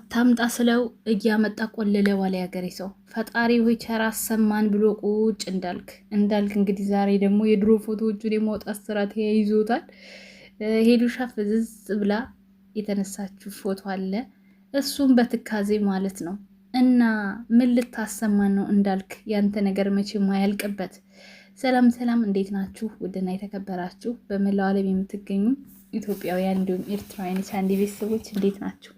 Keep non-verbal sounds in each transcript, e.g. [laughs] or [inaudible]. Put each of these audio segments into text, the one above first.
አታምጣ ስለው እያመጣ ቆለለ ዋለ ያገሬ ሰው ፈጣሪ ሆይ ቸር አሰማን ብሎ ቁጭ እንዳልክ እንዳልክ እንግዲህ ዛሬ ደግሞ የድሮ ፎቶዎቹን የማውጣት ስራ ተያይዞታል። ሄዱሻ ፍዝዝ ብላ የተነሳችው ፎቶ አለ እሱም በትካዜ ማለት ነው። እና ምን ልታሰማን ነው እንዳልክ፣ ያንተ ነገር መቼ ማያልቅበት ሰላም ሰላም፣ እንዴት ናችሁ? ውድና የተከበራችሁ በመላው ዓለም የምትገኙ ኢትዮጵያውያን እንዲሁም ኤርትራውያን የቻንዴ ቤተሰቦች እንዴት ናችሁ?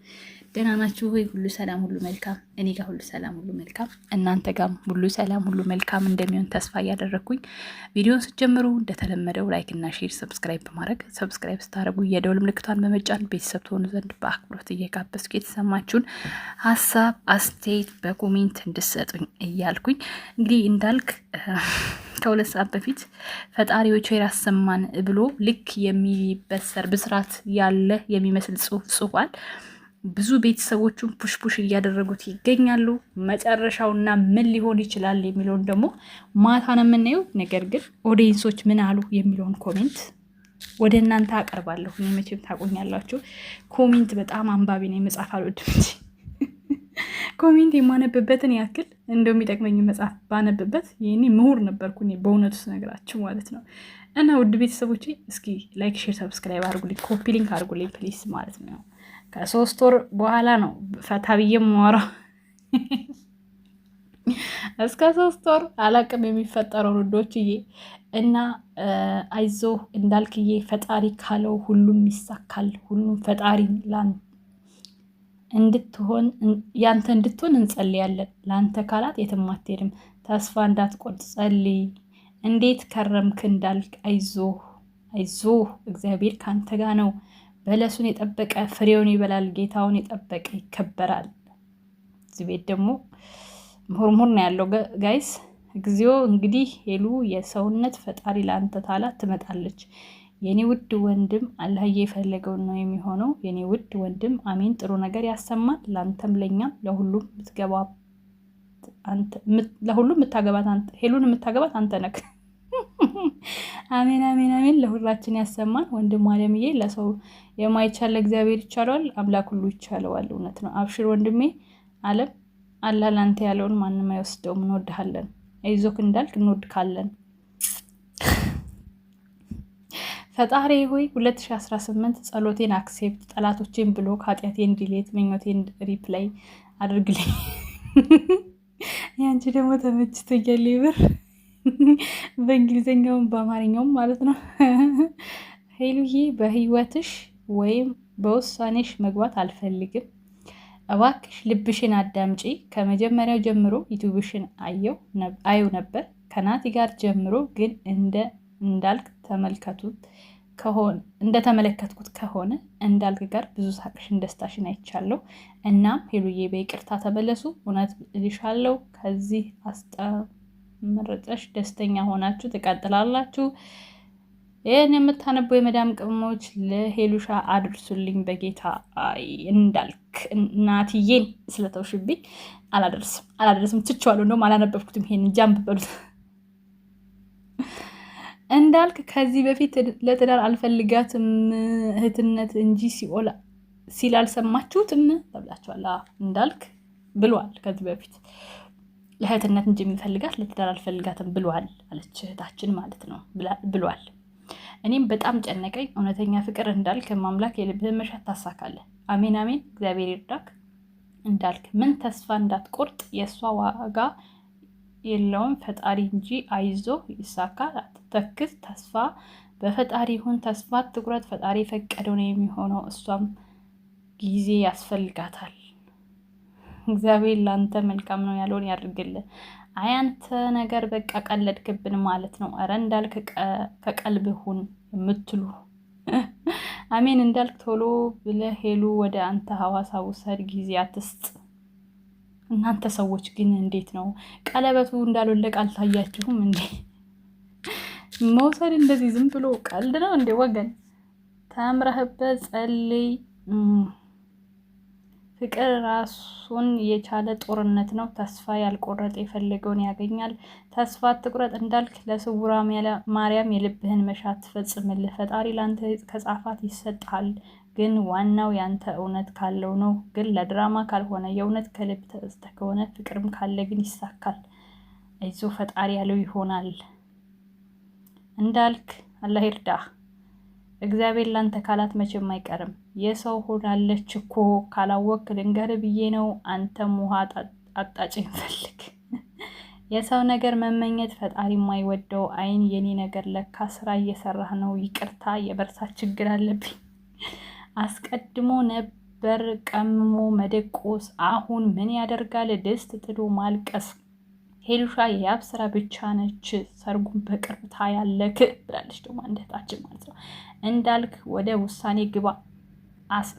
ደህና ናችሁ ወይ? ሁሉ ሰላም፣ ሁሉ መልካም። እኔ ጋር ሁሉ ሰላም፣ ሁሉ መልካም። እናንተ ጋም ሁሉ ሰላም፣ ሁሉ መልካም እንደሚሆን ተስፋ እያደረግኩኝ ቪዲዮን ስትጀምሩ እንደተለመደው ላይክ እና ሼር፣ ሰብስክራይብ በማድረግ ሰብስክራይብ ስታደርጉ የደውል ምልክቷን በመጫን ቤተሰብ ትሆኑ ዘንድ በአክብሮት እየጋበዝኩ የተሰማችሁን ሀሳብ አስተያየት በኮሜንት እንድሰጡኝ እያልኩኝ እንግዲህ እንዳልክ ከሁለት ሰዓት በፊት ፈጣሪዎች ያሰማን ብሎ ልክ የሚበሰር ብስራት ያለ የሚመስል ጽሁፍ ጽፏል። ብዙ ቤተሰቦቹን ፑሽፑሽ እያደረጉት ይገኛሉ። መጨረሻውና ምን ሊሆን ይችላል የሚለውን ደግሞ ማታ ነው የምናየው። ነገር ግን ኦዲየንሶች ምን አሉ የሚለውን ኮሜንት ወደ እናንተ አቀርባለሁ። መቼም ታቆኛላችሁ። ኮሜንት በጣም አንባቢ ነው፣ መጻፍ አልወድም እንጂ ኮሜንት የማነብበትን ያክል እንደው የሚጠቅመኝ መጽሐፍ ባነብበት ይህኔ ምሁር ነበርኩ በእውነቱ ስነግራችሁ ማለት ነው። እና ውድ ቤተሰቦች እስኪ ላይክ፣ ሼር፣ ሰብስክራይብ አርጉልኝ፣ ኮፒ ሊንክ አርጉልኝ ፕሊስ ማለት ነው። ከሶስት ወር በኋላ ነው ፈታ ብዬ የማወራው። እስከ ሶስት ወር አላቅም የሚፈጠረው ውዶችዬ። እና አይዞህ እንዳልክዬ ፈጣሪ ካለው ሁሉም ይሳካል። ሁሉም ፈጣሪ እንድትሆን ያንተ እንድትሆን እንጸልያለን። ለአንተ ካላት የትም አትሄድም። ተስፋ እንዳትቆርጥ ጸልይ። እንዴት ከረምክ እንዳልክ አይዞ አይዞ፣ እግዚአብሔር ከአንተ ጋር ነው። በለሱን የጠበቀ ፍሬውን ይበላል፣ ጌታውን የጠበቀ ይከበራል። እዚህ ቤት ደግሞ ምሁርሙር ነው ያለው ጋይስ። እግዚኦ እንግዲህ ሄሉ የሰውነት ፈጣሪ ለአንተ ታላ ትመጣለች። የኔ ውድ ወንድም አላየ የፈለገውን ነው የሚሆነው። የኔ ውድ ወንድም አሜን። ጥሩ ነገር ያሰማል። ለአንተም ለእኛም ለሁሉም የምታገባት ሄሉን የምታገባት አንተ ነክ አሜን አሜን አሜን። ለሁላችን ያሰማን። ወንድም አለምዬ ለሰው የማይቻል እግዚአብሔር ይቻለዋል፣ አምላክ ሁሉ ይቻለዋል። እውነት ነው። አብሽር ወንድሜ አለም አላህ ላንተ ያለውን ማንም አይወስደውም። እንወድሃለን። አይዞክ እንዳልክ እንወድካለን። ፈጣሪ ሆይ 2018 ጸሎቴን አክሴፕት፣ ጠላቶቼን ብሎክ፣ ኃጢአቴን ዲሌት፣ ምኞቴን ሪፕላይ አድርግልኝ። ያንቺ ደግሞ ተመችቶኛል ብር [laughs] በእንግሊዝኛውም በአማርኛውም ማለት ነው። [laughs] ሄሉዬ በህይወትሽ ወይም በውሳኔሽ መግባት አልፈልግም። እባክሽ ልብሽን አዳምጪ። ከመጀመሪያው ጀምሮ ዩቱብሽን አየው ነበር ከናቲ ጋር ጀምሮ ግን እንደ እንዳልክ ተመልከቱት ከሆነ እንደተመለከትኩት ከሆነ እንዳልክ ጋር ብዙ ሳቅሽን ደስታሽን አይቻለሁ። እናም ሄሉዬ በይቅርታ ተመለሱ። እውነት እልሻለሁ ከዚህ አስጠ መርጠሽ ደስተኛ ሆናችሁ ትቀጥላላችሁ። ይህን የምታነቡ የመዳም ቅመሞች ለሄሉሻ አድርሱልኝ። በጌታ እንዳልክ እናትዬን ስለተውሽብኝ አላደርስም አላደርስም ትቼዋለሁ። እንደውም አላነበብኩትም። ይሄን እንጂ አንብበሉት እንዳልክ ከዚህ በፊት ለትዳር አልፈልጋትም እህትነት እንጂ ሲኦል ሲል አልሰማችሁትም ተብላችኋል። እንዳልክ ብሏል ከዚህ በፊት ለእህትነት እንጂ የምፈልጋት ለትዳር አልፈልጋትም ብሏል አለች እህታችን ማለት ነው ብሏል። እኔም በጣም ጨነቀኝ። እውነተኛ ፍቅር እንዳልክ ማምላክ የልብህን መሻት ታሳካለህ። አሜን አሜን። እግዚአብሔር ይርዳክ እንዳልክ ምን ተስፋ እንዳትቆርጥ፣ የእሷ ዋጋ የለውም ፈጣሪ እንጂ። አይዞ ይሳካል፣ አትተክዝ። ተስፋ በፈጣሪ ይሁን። ተስፋ ትኩረት ፈጣሪ ፈቀደው ነው የሚሆነው። እሷም ጊዜ ያስፈልጋታል። እግዚአብሔር ለአንተ መልካም ነው ያለውን ያድርግልን። አይ አንተ ነገር በቃ ቀለድክብን ማለት ነው። ኧረ እንዳልክ ከቀልብ ሁን የምትሉ [laughs] አሜን። እንዳልክ ቶሎ ብለህ ሄሉ ወደ አንተ ሀዋሳ ውሰድ፣ ጊዜ አትስጥ። እናንተ ሰዎች ግን እንዴት ነው ቀለበቱ እንዳልወለቅ አልታያችሁም እንዴ? [laughs] መውሰድ እንደዚህ ዝም ብሎ ቀልድ ነው እንዴ ወገን? ተምረህበት ጸልይ። ፍቅር ራሱን የቻለ ጦርነት ነው። ተስፋ ያልቆረጠ የፈለገውን ያገኛል። ተስፋ አትቁረጥ እንዳልክ ለስውራ ማርያም የልብህን መሻት ትፈጽምልህ። ፈጣሪ ለአንተ ከጻፋት ይሰጣል። ግን ዋናው ያንተ እውነት ካለው ነው። ግን ለድራማ ካልሆነ የእውነት ከልብ ተጽተ ከሆነ ፍቅርም ካለ ግን ይሳካል። አይዞ ፈጣሪ ያለው ይሆናል። እንዳልክ አላህ ይርዳህ። እግዚአብሔር ላንተ ካላት መቼም አይቀርም። የሰው ሆናለች እኮ ካላወቅ ልንገር ብዬ ነው። አንተም ውሃ አጣጭ ይፈልግ [laughs] የሰው ነገር መመኘት ፈጣሪ የማይወደው አይን፣ የኔ ነገር ለካ ስራ እየሰራህ ነው። ይቅርታ የበርሳ ችግር አለብኝ። [laughs] አስቀድሞ ነበር ቀምሞ መደቆስ፣ አሁን ምን ያደርጋል ድስት ጥዶ ማልቀስ ሄሉሻ የያብ ስራ ብቻ ነች፣ ሰርጉን በቅርብ ታያለክ ብላለች። ደግሞ አንድ ማለት ነው እንዳልክ ወደ ውሳኔ ግባ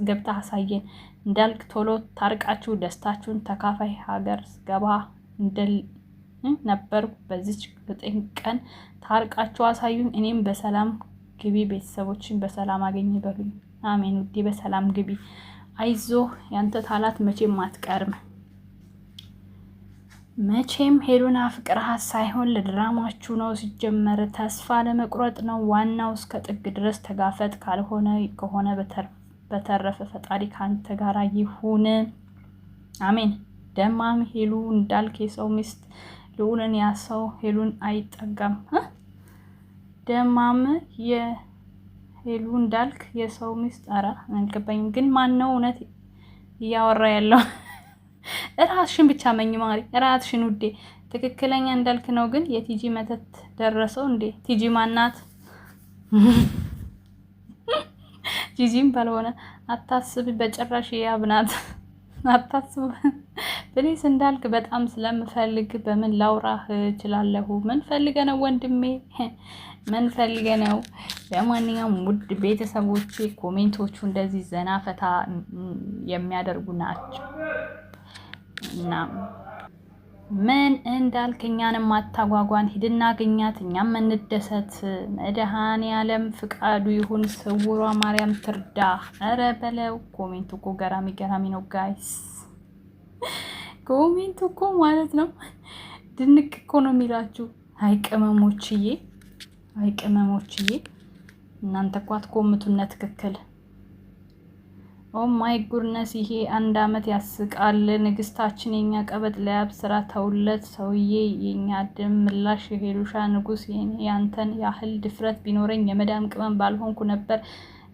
ገብታ አሳየን። እንዳልክ ቶሎ ታርቃችሁ ደስታችሁን ተካፋይ ሀገር ገባ እንደል ነበር። በዚች ዘጠኝ ቀን ታርቃችሁ አሳዩኝ። እኔም በሰላም ግቢ ቤተሰቦችን በሰላም አገኝ በሉኝ። አሜን ውዴ፣ በሰላም ግቢ። አይዞ ያንተ ታላት መቼም አትቀርም። መቼም ሄሉን አፍቅርሃት ሳይሆን ለድራማችሁ ነው። ሲጀመር ተስፋ ለመቁረጥ ነው ዋናው። እስከ ጥግ ድረስ ተጋፈጥ። ካልሆነ ከሆነ በተረፈ ፈጣሪ ከአንተ ጋር ይሁን፣ አሜን። ደማም ሄሉ እንዳልክ የሰው ሚስት ልዑልን ያሰው ሄሉን አይጠጋም። ደማም የሄሉ እንዳልክ የሰው ሚስት ኧረ አልገባኝም። ግን ማን ነው እውነት እያወራ ያለው? ራሽን ብቻ መኝ ማሪ፣ ራስሽን ውዴ። ትክክለኛ እንዳልክ ነው ግን የቲጂ መተት ደረሰው እንዴ? ቲጂ ማናት? [laughs] ጂጂም ባልሆነ አታስብ፣ በጭራሽ ያብናት [laughs] አታስብ። ፕሊስ እንዳልክ በጣም ስለምፈልግ በምን ላውራህ እችላለሁ? ምን ፈልገ ነው ወንድሜ? [laughs] ምን ፈልገ ነው? ለማንኛውም ውድ ቤተሰቦቼ ኮሜንቶቹ እንደዚህ ዘና ፈታ የሚያደርጉ ናቸው። እና ምን እንዳልክ እኛንም አታጓጓን፣ ሂድና ግኛት፣ እኛም እንደሰት። መድኃኔዓለም ፍቃዱ ይሁን፣ ስውሯ ማርያም ትርዳ። ኧረ በለው። ኮሜንቱ እኮ ገራሚ ገራሚ ነው ጋይስ፣ ኮሜንቱ እኮ ማለት ነው ድንቅ እኮ ነው የሚላችሁ። አይ ቅመሞችዬ፣ አይ ቅመሞችዬ፣ እናንተ እኮ አትኮምቱነት ትክክል ኦ ማይ ጉድነስ ይሄ አንድ አመት ያስቃል። ንግስታችን የኛ ቀበጥ ለያብ ስራ ተውለት ሰውዬ የኛ ድም ምላሽ የሄሉሻ ንጉስ ያንተን ያህል ድፍረት ቢኖረኝ የመዳም ቅመም ባልሆንኩ ነበር።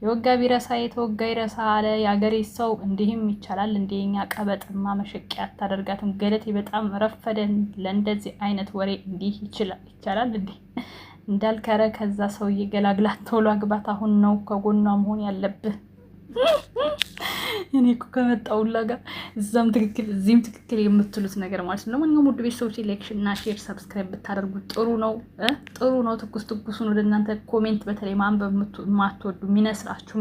የወጋ ቢረሳ የተወጋ ይረሳ አለ የአገሬ ሰው። እንዲህም ይቻላል እንደ የኛ ቀበጥማ መሸቂያ አታደርጋትም። ገለቴ በጣም ረፈደን ለእንደዚህ አይነት ወሬ። እንዲህ ይቻላል እንዲህ እንዳልከረ ከዛ ሰውዬ ገላግላት ቶሎ አግባት። አሁን ነው ከጎኗ መሆን ያለብህ። እኔ እኮ ከመጣውላ ጋር እዛም ትክክል እዚህም ትክክል የምትሉት ነገር ማለት ነው። ለማንኛውም ውድ ቤተሰቦች ላይክ እና ሼር ሰብስክራይብ ብታደርጉት ጥሩ ነው ጥሩ ነው። ትኩስ ትኩሱን ወደ እናንተ ኮሜንት በተለይ ማንበብ የማትወዱ የሚነስራችሁ፣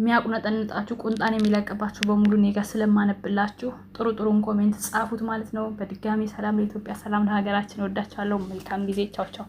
የሚያቁነጠንጣችሁ፣ ቁንጣን የሚለቅባችሁ በሙሉ እኔ ጋር ስለማነብላችሁ ጥሩ ጥሩን ኮሜንት ጻፉት ማለት ነው። በድጋሚ ሰላም ለኢትዮጵያ፣ ሰላም ለሀገራችን። ወዳችኋለሁ። መልካም ጊዜ። ቻው ቻው።